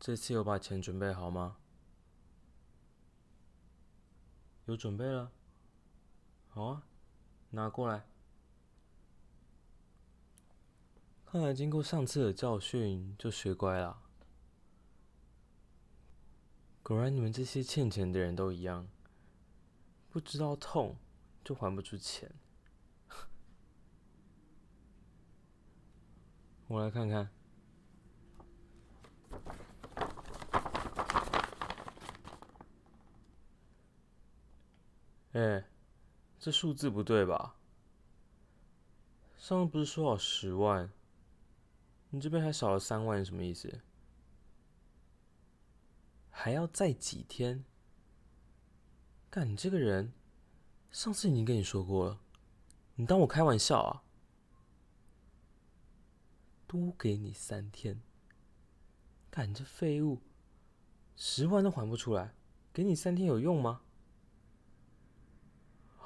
這次有把錢準備好嗎？有準備了？好啊，拿過來。看來經過上次的教訓就學乖了。果然，你們這些欠錢的人都一樣，不知道痛就還不出錢。 我來看看。哎、欸，這數字不對吧？上次不是說好十萬？你這邊還少了三萬，什麼意思？還要再幾天？幹你這個人，上次已經跟你說過了，你當我開玩笑啊？多給你三天，幹你這廢物，十萬都還不出來，給你三天有用嗎？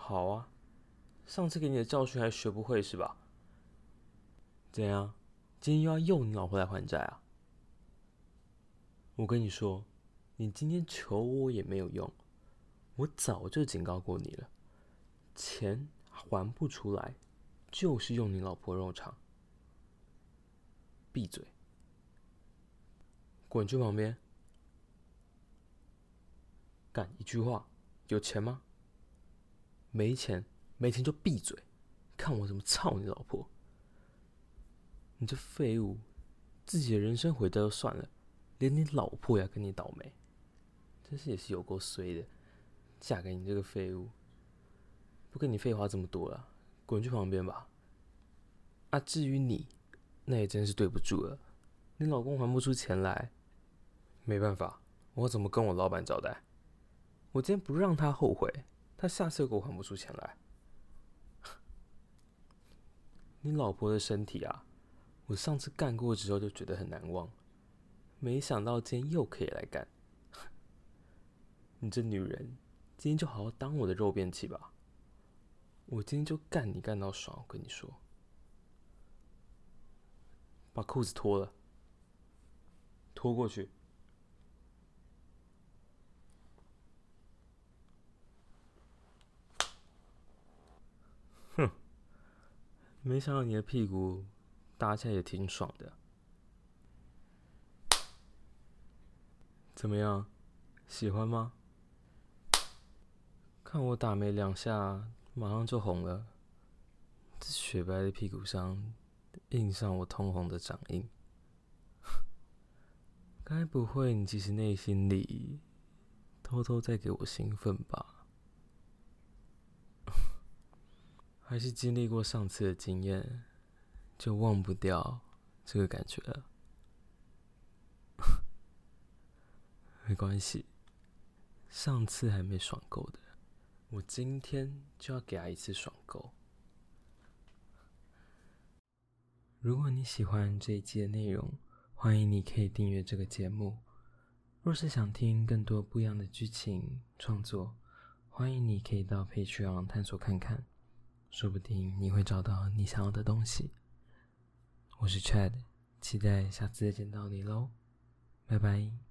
好啊，上次給你的教訓還學不會是吧？怎樣，今天又要用你老婆來還債啊？我跟你說，你今天求我也沒有用，我早就警告過你了，錢還不出來，就是用你老婆肉償。閉嘴，滾去旁邊，幹一句話，有錢嗎？沒錢，沒錢就閉嘴！看我怎麼操你老婆！你這廢物，自己的人生毀掉就算了，連你老婆也要跟你倒霉，真是也是有夠衰的！嫁給你這個廢物，不跟你廢話這麼多了，滾去旁邊吧！啊，至於你，那也真是對不住了，你老公還不出錢來，沒辦法，我怎麼跟我老板交代？我今天不讓他後悔！那下次又給我還不出錢來， 你老婆的身體啊，我上次幹過之後就覺得很難忘，沒想到今天又可以來幹。 你這女人，今天就好好當我的肉便器吧，我今天就幹你幹到爽，我跟你說，把褲子脫了，脫過去。哼，沒想到你的屁股打起來也挺爽的，怎麼樣？喜歡嗎？看我打沒兩下，馬上就紅了，這雪白的屁股上印上我通紅的掌印，該不會你其實內心裡偷偷在給我興奮吧？還是經歷過上次的經驗，就忘不掉這個感覺了。 沒關係，上次還沒爽夠的，我今天就要給他一次爽夠。如果你喜歡這一期的內容，歡迎你可以訂閱這個節目。若是想聽更多不一樣的劇情創作，歡迎你可以到 Patreon 探索看看。說不定你會找到你想要的東西。我是 Chad，期待下次再見到你嘍，拜拜。